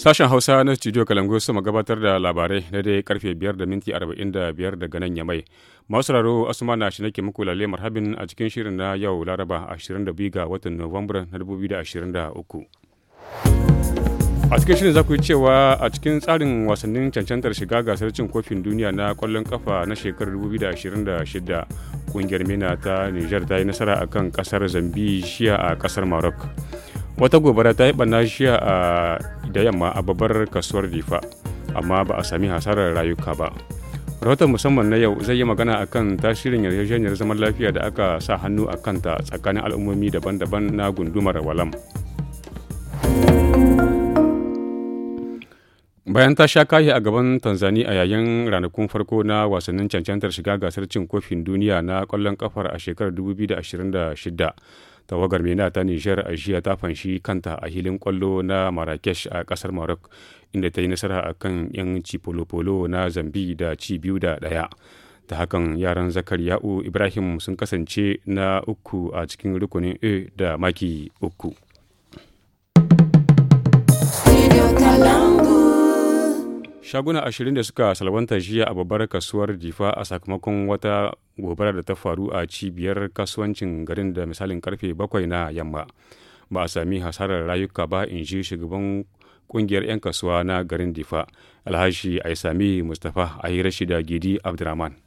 Sashen Hausa na Studio Kalangu su gabatar da labarai na dai karfe 5 da minti 45 daga nan ya mai. Masu Asuma na shi nake muku lalle marhabin a cikin shirin na yau Laraba 22 ga watan Nuwambar na 2023. A cikin shirin za ku yi cewa a cikin tsarin wasannin cancantar shiga gasar cin kofin duniya na kwallon kafa na shekarar 2026 kungiyar Mina ta Nijar ta yi nasara akan kasar Zambia a kasar Maroc. Wata gobara ta yi ɓanna a da yamma a babbar kasuwar difa amma ba a sami hasarar rayuka ba rahoton musamman na yau zai yi magana akan tasirin yarjejeniyar zaman lafiya da aka sa hannu a kanta tsakanin al'ummomi daban-daban na gundumar walam bayan ta sha kayi a gaban tanzania a yayin ranakun farko na wasannin cancantar shiga gasar cin kofin duniya na kwallon kafar a shekarar 2026 tawagar mena ta nijar a jiya ta fanshi kanta a hilin kwallo na marrakesh a kasar maroc inda ta yi nasara a kan yan cipolopolo na zambi da ci biyu da ɗaya ta hakan yaran zakariya'u ibrahim sun kasance na uku a cikin rukunin a da maki uku shaguna ashirin da suka salwanta jiya a babbar kasuwar difa a sakamakon wata gobara da ta faru a cibiyar kasuwancin garin da misalin karfe bakwai na yamma ba a sami hasarar rayuka ba in ji shugaban kungiyar 'yan kasuwa na garin difa alhashi sami mustapha a hira shida gidi abdulrahman.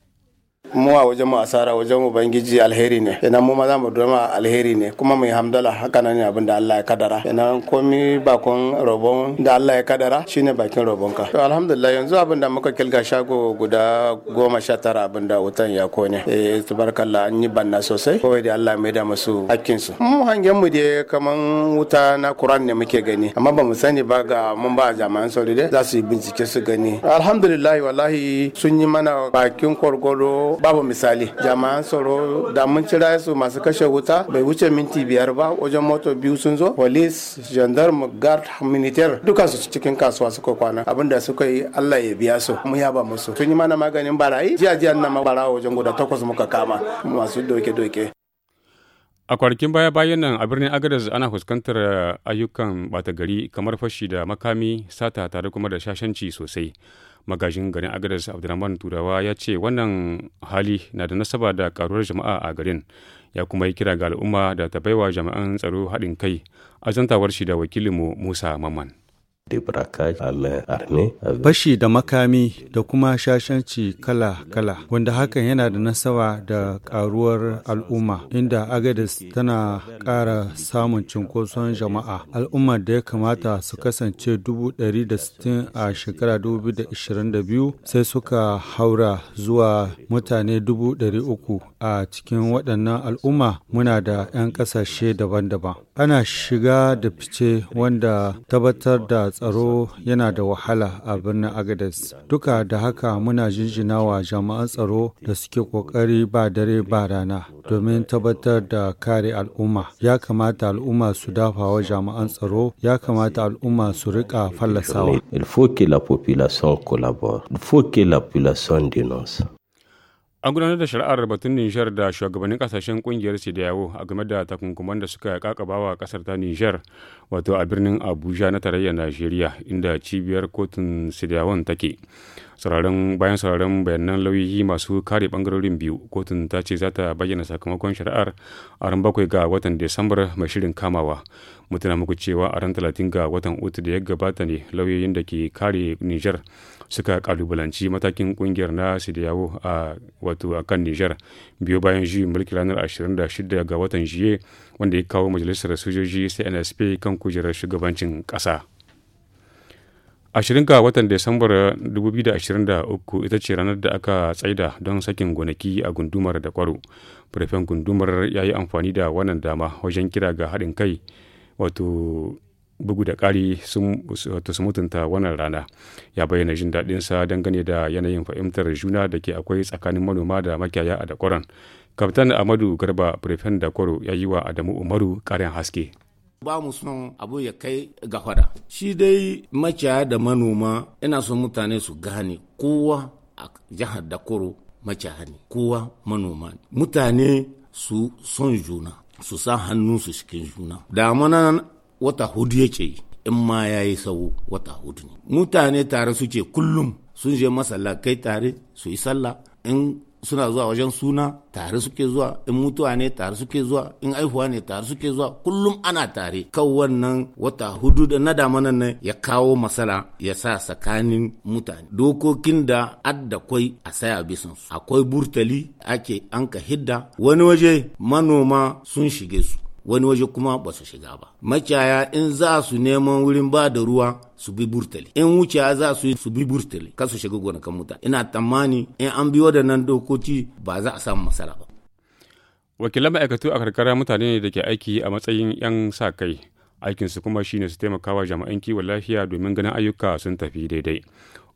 mu a wajen mu asara wajen ubangiji alheri ne idan mu ma za mu dama alheri ne kuma mu hamdala haka nan ne abin da Allah ya kadara idan komi bakon robon da Allah ya kadara shine bakin robon ka to alhamdulillah yanzu abin da muka kilga shago guda goma sha tara abin da wutan ya kone eh tabarakallah an yi banna sosai kawai da Allah mai da musu hakkin su mu hangen mu dai kaman wuta na Quran ne muke gani amma ba mu sani ba ga mun ba jami'an sauri dai za su yi bincike su gani alhamdulillah wallahi sun yi mana bakin kwargwaro babu misali jami'an tsaro da mun cira su masu kashe wuta bai wuce minti biyar ba wajen moto biyu sun zo police gendarme guard militaire dukan su cikin kasuwa suka kwana abinda suka yi Allah ya biya su mu yaba musu sun yi mana maganin barayi jiya jiya nan bara wajen guda takwas muka kama masu doke doke a kwanakin baya bayan nan a birnin agadez ana fuskantar ayyukan bata gari kamar fashi da makami sata tare kuma da shashanci sosai magajin garin agadas abdulrahman turawa ya ce wannan hali na da nasaba da karuwar jama'a a garin ya kuma yi kira ga al'umma da ta baiwa jama'an tsaro haɗin kai azantawar shi da wakilinmu musa mamman. fashi da makami da kuma shashanci kala-kala wanda hakan yana da nasaba da karuwar al'umma inda agadis tana kara samun cinkoson jama'a al'ummar da ya kamata su kasance 160 a shekara 2022 sai suka haura zuwa mutane 300 a cikin waɗannan al'umma muna da 'yan ƙasashe daban-daban ana shiga da fice wanda tabbatar da tsaro yana da wahala a birnin Agadez. Duka da haka muna jinjina wa jami'an tsaro da suke kokari ba dare ba rana domin tabbatar da kare al'umma. Ya kamata al'umma su dafa wa jami'an tsaro, ya kamata al'umma su rika fallasawa. An gudanar da shari'ar batun Nijar da shugabannin kasashen kungiyar Sidiyawo a game da takunkuman da suka kakabawa kasar ta Nijar wato a birnin Abuja na tarayyar Najeriya inda cibiyar kotun Sidiyawon take. Sauraron bayan sauraron bayanan lauyoyi masu kare bangarorin biyu kotun ta ce za ta bayyana sakamakon shari'ar a ran bakwai ga watan Desambar mai shirin kamawa. Mutuna muku cewa a ran talatin ga watan uku da ya gabata ne lauyoyin da ke kare Nijar suka kalubalanci matakin kungiyar na sidiyawo a wato a kan nijar biyo bayan juyin mulki ranar 26 ga watan jiye wanda ya kawo majalisar sojoji cnsp kan kujerar shugabancin ƙasa. ashirin ga watan Desambar 2023 ita ce ranar da aka tsaida don sakin gonaki a gundumar da kwaro. Firfen gundumar ya yi amfani da wannan dama wajen kira ga haɗin kai wato bugu da ƙari sun mutunta wannan rana ya bayyana jin daɗin sa dangane da yanayin fahimtar juna da ke akwai tsakanin manoma da makiyaya a dakoran kaftan amadu garba prefen dakoro ya yi wa adamu umaru ƙarin haske ba mu son abu ya kai ga fada shi dai makiyaya da manoma ina son mutane su gane kowa a jihar dakoro makiyaya ne kowa manoma mutane su son juna su sa su cikin juna mana wata hudu yake yi in ma ya yi sau wata hudu ne mutane tare suke kullum sun je masallakai tare su yi sallah in suna zuwa wajen suna tare suke zuwa in mutuwa ne tare suke zuwa in aihuwa ne tare suke zuwa kullum ana tare kan wannan wata hudu da na damanan nan ya kawo masala ya sa tsakanin mutane dokokin da adda kwai a saya bisan su akwai burtali ake anka hidda wani waje manoma sun shige su wani waje kuma ba su shiga ba macaya in za su neman wurin ba da ruwa su bi burtali in wuciya za su yi su bi burtali ka su shiga gonakan mutane ina tsammani in an biyo bi waɗannan dokoki ba za a samu masara ba wakilan ma'aikatu a karkara mutane ne da ke aiki a matsayin 'yan sa kai aikinsu kuma shi ne su taimaka wa jami'an kiwon lafiya domin ganin ayyuka sun tafi daidai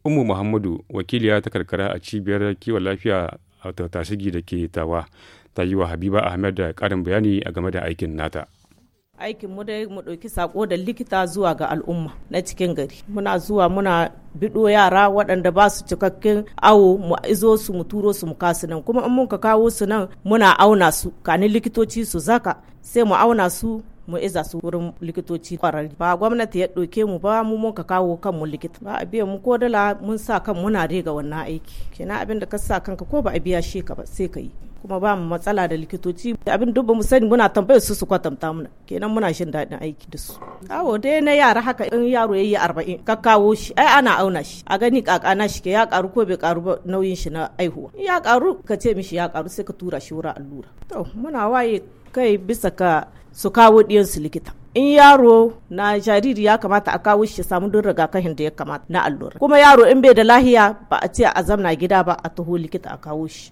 umu muhammadu wakiliya ta karkara a cibiyar kiwon lafiya a tasigi da ke tawa ta yi wa habiba ahmed da karin bayani a game da aikin nata aikin mu dai mu ɗauki sako da likita zuwa ga al'umma na cikin gari muna zuwa muna biɗo yara waɗanda ba su cikakken awo mu izo su mu turo su mu kasu nan kuma in mun ka kawo su nan muna auna su kani likitoci su zaka sai mu auna su mu iza su wurin likitoci kwararri ba gwamnati ya ɗauke mu ba mu mun ka kawo kanmu likita ba a biya mu ko dala mun sa kan muna dai wannan aiki kenan abin da ka sa kanka ko ba a biya shi ka ba sai ka yi kuma ba mu matsala da likitoci abin duk mu sani muna tambayar su su kwatanta muna kenan muna shin daɗin aiki da su awo dai na yara haka in yaro ya yi arba'in ka kawo shi ai ana auna shi a gani kakana shi ke ya karu ko bai karu ba nauyin shi na aihuwa ya karu ka ce mishi ya karu sai ka tura shi wura allura to muna waye kai bisa ka su kawo su likita in yaro na jariri ya kamata a kawo shi samu don rigakafin da ya kamata na allura kuma yaro in bai da lahiya ba a ce a zamna gida ba a taho likita a kawo shi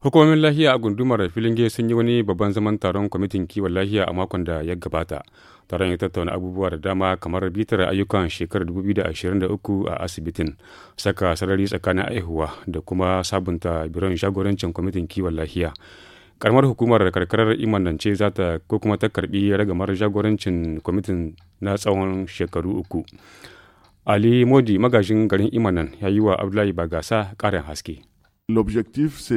hukumomin lahiya a gundumar filinge sun yi wani babban zaman taron kwamitin kiwon lahiya a makon da ya gabata taron ya tattauna abubuwa da dama kamar bitar ayyukan shekarar 2023 a asibitin saka sarari tsakanin aihuwa da kuma sabunta biron shagorancin kwamitin kiwon lahiya karamar hukumar karkarar imanance za ta ko kuma ta karbi ragamar jagorancin kwamitin na tsawon shekaru uku ali modi magashin garin imanan ya yi wa abdullahi bagasa karin haske lobjectif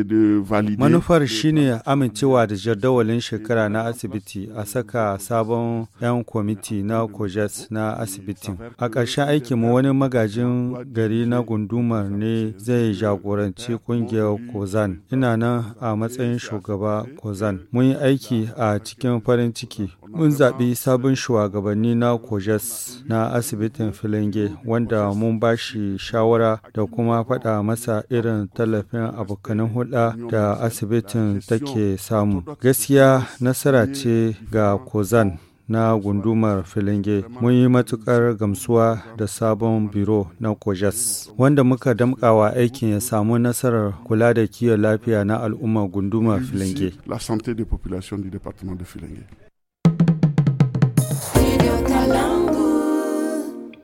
Manufar shine amincewa da jadawalin shekara na asibiti a saka sabon 'yan kwamiti na kojas na asibiti. A ƙarshen mu wani magajin gari na gundumar ne zai jagoranci ƙungiyar Kozan. Ina nan a matsayin shugaba Kozan. Mun yi aiki a cikin farin ciki. Mun zaɓi sabon shugabanni na kojas na asibitin Filinge wanda mun ba shi shawara da kuma faɗa masa irin tallafin tsakanin abokanan hulɗa da asibitin take samu. Gaskiya nasara ce ga Kozan. na gundumar filinge mun yi matukar gamsuwa da sabon biro na kojas wanda muka damkawa aikin ya samu nasarar kula da kiwon lafiya na al'ummar gundumar filinge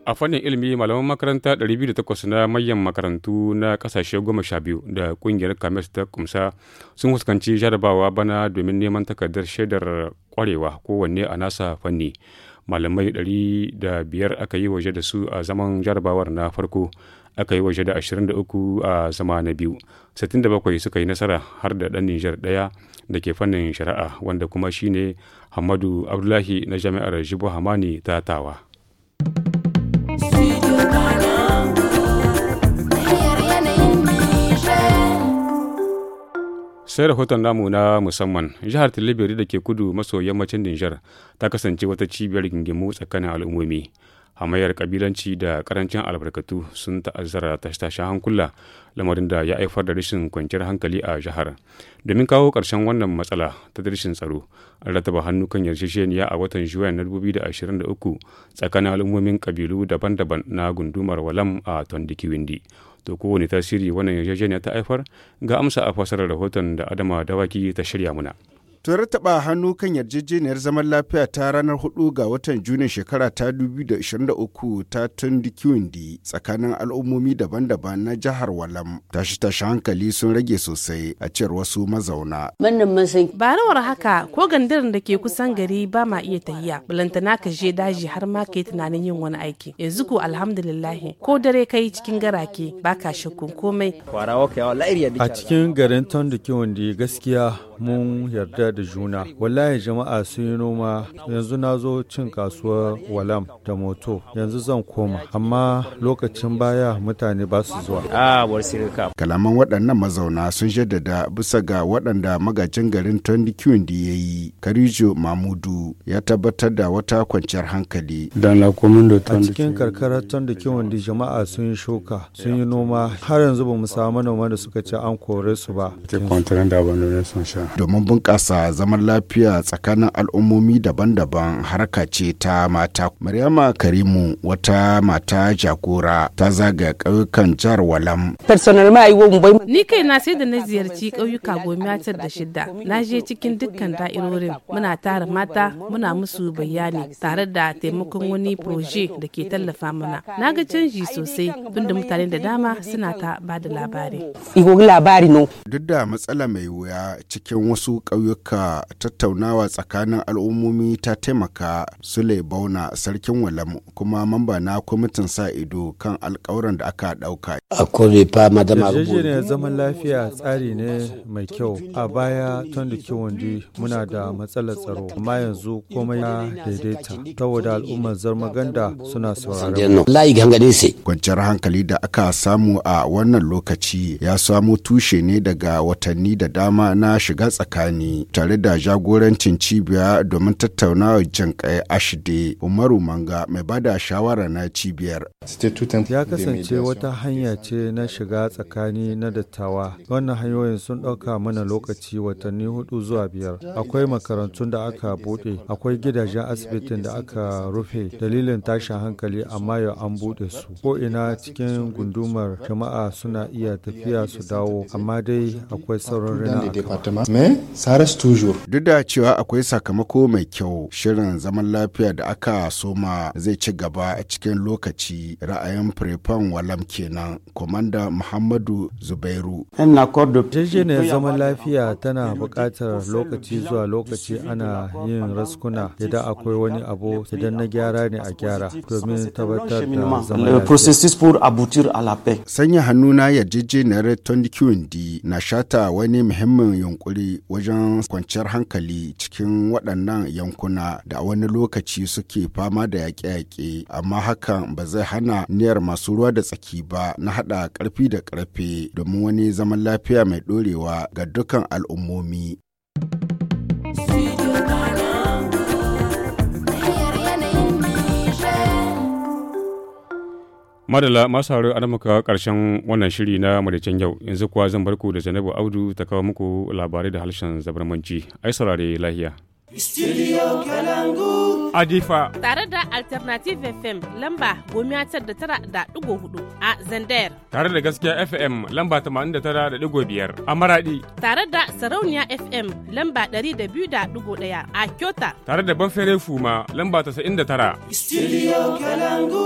a fannin ilimi malaman makaranta 208 na manyan makarantu na kasashe 12 da kungiyar kamis ta kumsa sun fuskanci jarabawa bana domin neman takardar shaidar kwarewa kowanne a nasa fanni malamai 500 aka yi waje da su a zaman jarabawar na farko aka yi waje da 23 a zama na biyu 67 suka yi nasara har da ɗan nijar daya da ke fannin shari'a wanda kuma shine hamadu abdullahi na jami'ar jibo hamani ta tawa sai rahoton namu na musamman jihar tilibiri da ke kudu maso yammacin nijar ta kasance wata cibiyar gingimu tsakanin al'ummomi hamayar kabilanci da karancin albarkatu sun ta'azzara tashe-tashen hankula lamarin da ya haifar da rashin kwanciyar hankali a jihar domin kawo karshen wannan matsala ta rashin tsaro an rataba hannu kan yarjejeniya a watan juyan na 2023 tsakanin al'ummomin kabilu daban-daban na gundumar walam a tondikiwindi to kowane tasiri wannan yarjejeniya ta haifar ga amsa a fasarar rahoton da adama dawaki ta shirya muna. ta rattaba hannu kan yarjejeniyar zaman lafiya ta ranar 4 ga watan Junin shekara ta 2023 ta Tundikiwindi tsakanin al'ummomi daban-daban na jihar Walam. Tashi-tashi hankali sun rage sosai a cewar wasu mazauna. Ba rawar haka ko gandarin da ke kusan gari ba ma iya tahiya. bulanta na je daji har ma kai tunanin yin wani aiki. Yanzu ko alhamdulillah ko dare kai yi cikin garake ba ka shakkun komai. A cikin garin Tundikiwindi gaskiya mun yarda da juna wallahi jama'a sun yi noma yanzu na zo cin kasuwar walam da moto yanzu zan koma amma lokacin baya mutane ba su zuwa ah, kalaman waɗannan mazauna sun jaddada bisa ga waɗanda magajin garin tondi kiwindi ya yi karijo mamudu ya tabbatar da wata kwanciyar hankali a cikin karkarar tondi kiwindi jama'a sun yi shuka sun yi noma har yanzu ba mu samu manoma da suka ce an kore su ba domin bunƙasa zaman lafiya tsakanin al'ummomi daban-daban harka ce ta mata. Maryama Karimu wata mata jagora ta zaga ƙauyukan jihar Walam. Ni kai na sai da na ziyarci ƙauyuka goma tar da shidda Na je cikin dukkan da'irorin muna tara mata muna musu bayani tare da taimakon wani proje da ke tallafa mana. Na ga canji sosai tunda mutane da dama suna ta ba da labari. Duk da matsala mai wuya cikin wasu ƙauyuka haka tattaunawa tsakanin al'ummomi ta taimaka sule bauna sarkin walam kuma mamba na kwamitin sa ido kan alkawuran da aka ɗauka. yarjejeniyar zaman lafiya tsari ne mai kyau a baya tun da kiwon muna da matsalar tsaro amma yanzu komai ya daidaita saboda al'ummar zarmaganda suna sauraron hankali da aka samu a wannan lokaci ya samu tushe ne daga watanni da dama na shiga tsakani tare da jagorancin cibiya domin tattaunawa jinƙai ashide umaru manga mai bada shawara na cibiyar ya kasance wata hanya ce na shiga tsakani na dattawa wannan hanyoyin sun ɗauka mana lokaci watanni hudu zuwa biyar akwai makarantun da aka buɗe akwai gidajen asibitin da aka rufe dalilin tashin hankali amma yau an buɗe su ko ina cikin gundumar jama'a suna iya tafiya su dawo amma dai akwai sauran rina a toujours. Duk da cewa akwai sakamako mai kyau shirin zaman lafiya da aka soma zai ci gaba a cikin lokaci ra'ayin Prefan Walam kenan, Komanda Muhammadu Zubairu. ne zaman lafiya tana bukatar lokaci zuwa lokaci ana yin raskuna idan akwai wani abu idan na gyara ne a gyara domin tabbatar da zaman lafiya. Sanya hannuna yarjejeniyar Tondi na shata wani muhimmin yunkuri wajen kwanciyar hankali cikin waɗannan yankuna da wani lokaci suke fama da yaƙe-yaƙe amma hakan ba zai hana niyyar masu ruwa da tsaki ba na haɗa ƙarfi da ƙarfe domin wani zaman lafiya mai ɗorewa ga dukkan al'ummomi. madala masu haru an muka karshen wannan shiri na madacin yau yanzu kuwa zan barku da zainabu audu ta kawo muku labarai da harshen zabarmanci ai saurare lahiya Studio Kalangu. Adifa. Tare da Alternative FM lamba gomiya tar da tara da ɗigo hudu a Zandayar. Tare da gaskiya FM lamba tamanin da tara da ɗigo biyar a Maradi. Tare da Sarauniya FM lamba ɗari da biyu da ɗigo ɗaya a Kyota. Tare da Banfere Fuma lamba tasa'in da tara. Studio Kalangu.